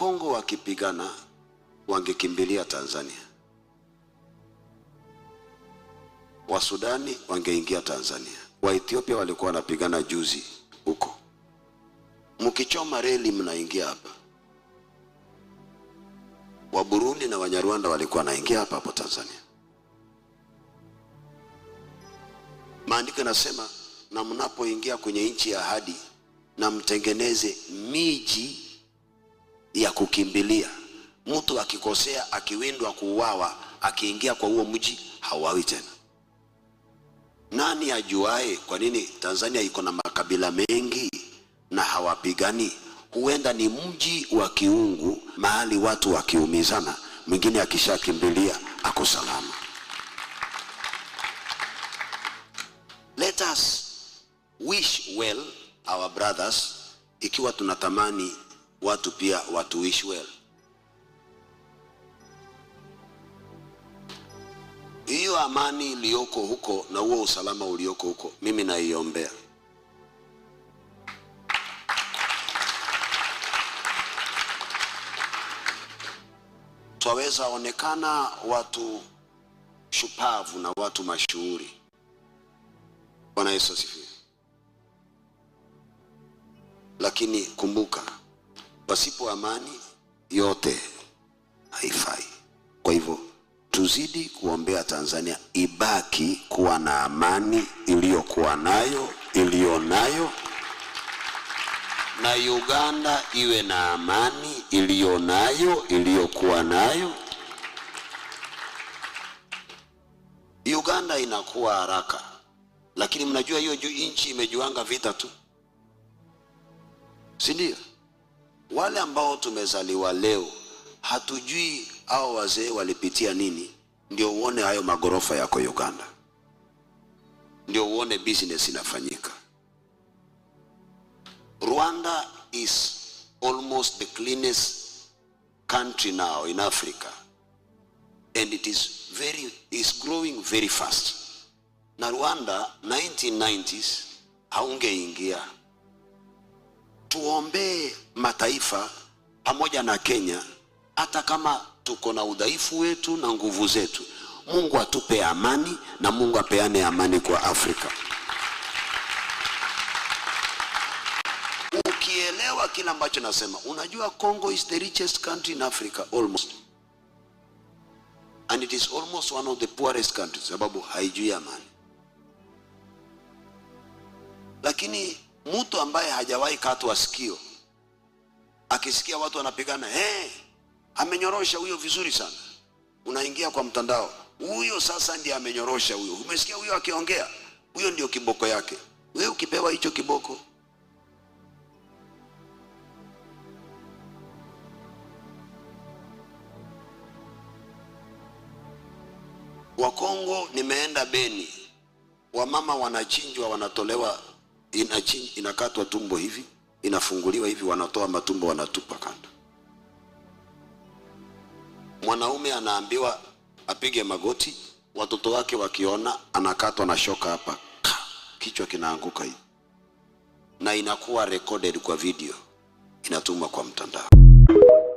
Kongo wakipigana wangekimbilia Tanzania, Wasudani wangeingia Tanzania, Waethiopia walikuwa wanapigana juzi huko. Mkichoma reli mnaingia hapa, Waburundi na Wanyarwanda walikuwa wanaingia hapa hapo Tanzania. Maandiko yanasema na mnapoingia kwenye nchi ya ahadi na mtengeneze miji ya kukimbilia. Mtu akikosea, akiwindwa, kuuawa, akiingia kwa huo mji hauawi tena. Nani ajuae kwa nini Tanzania iko na makabila mengi na hawapigani? Huenda ni mji wa kiungu, mahali watu wakiumizana, mwingine akishakimbilia ako salama. Let us wish well our brothers, ikiwa tunatamani watu pia watu wish well. Hiyo amani iliyoko huko na huo usalama ulioko huko, mimi naiombea. Twaweza onekana watu shupavu na watu mashuhuri. Bwana Yesu Lakini kumbuka Pasipo amani yote haifai. Kwa hivyo tuzidi kuombea Tanzania ibaki kuwa na amani iliyokuwa nayo iliyo nayo, na Uganda iwe na amani iliyo nayo iliyokuwa nayo. Uganda inakuwa haraka, lakini mnajua hiyo nchi imejuanga vita tu, si ndio? Wale ambao tumezaliwa leo hatujui hao wazee walipitia nini, ndio uone hayo magorofa yako Uganda, ndio uone business inafanyika. Rwanda is almost the cleanest country now in Africa and it is very is growing very fast. Na Rwanda 1990s haungeingia tuombee mataifa pamoja na Kenya, hata kama tuko na udhaifu wetu na nguvu zetu. Mungu atupe amani na Mungu apeane amani kwa Afrika. Ukielewa kila ambacho nasema, unajua Congo is the richest country in Africa almost and it is almost one of the poorest countries, sababu haijui amani, lakini Mtu ambaye hajawahi katwa sikio akisikia watu wanapigana, hey, amenyorosha huyo vizuri sana. Unaingia kwa mtandao, huyo sasa ndiye amenyorosha huyo. Umesikia huyo akiongea, huyo ndio kiboko yake. Wewe ukipewa hicho kiboko Wakongo nimeenda Beni, wamama wanachinjwa, wanatolewa inakatwa tumbo hivi inafunguliwa hivi, wanatoa matumbo wanatupa kando. Mwanaume anaambiwa apige magoti, watoto wake wakiona anakatwa na shoka hapa, kichwa kinaanguka hivi, na inakuwa recorded kwa video, inatumwa kwa mtandao.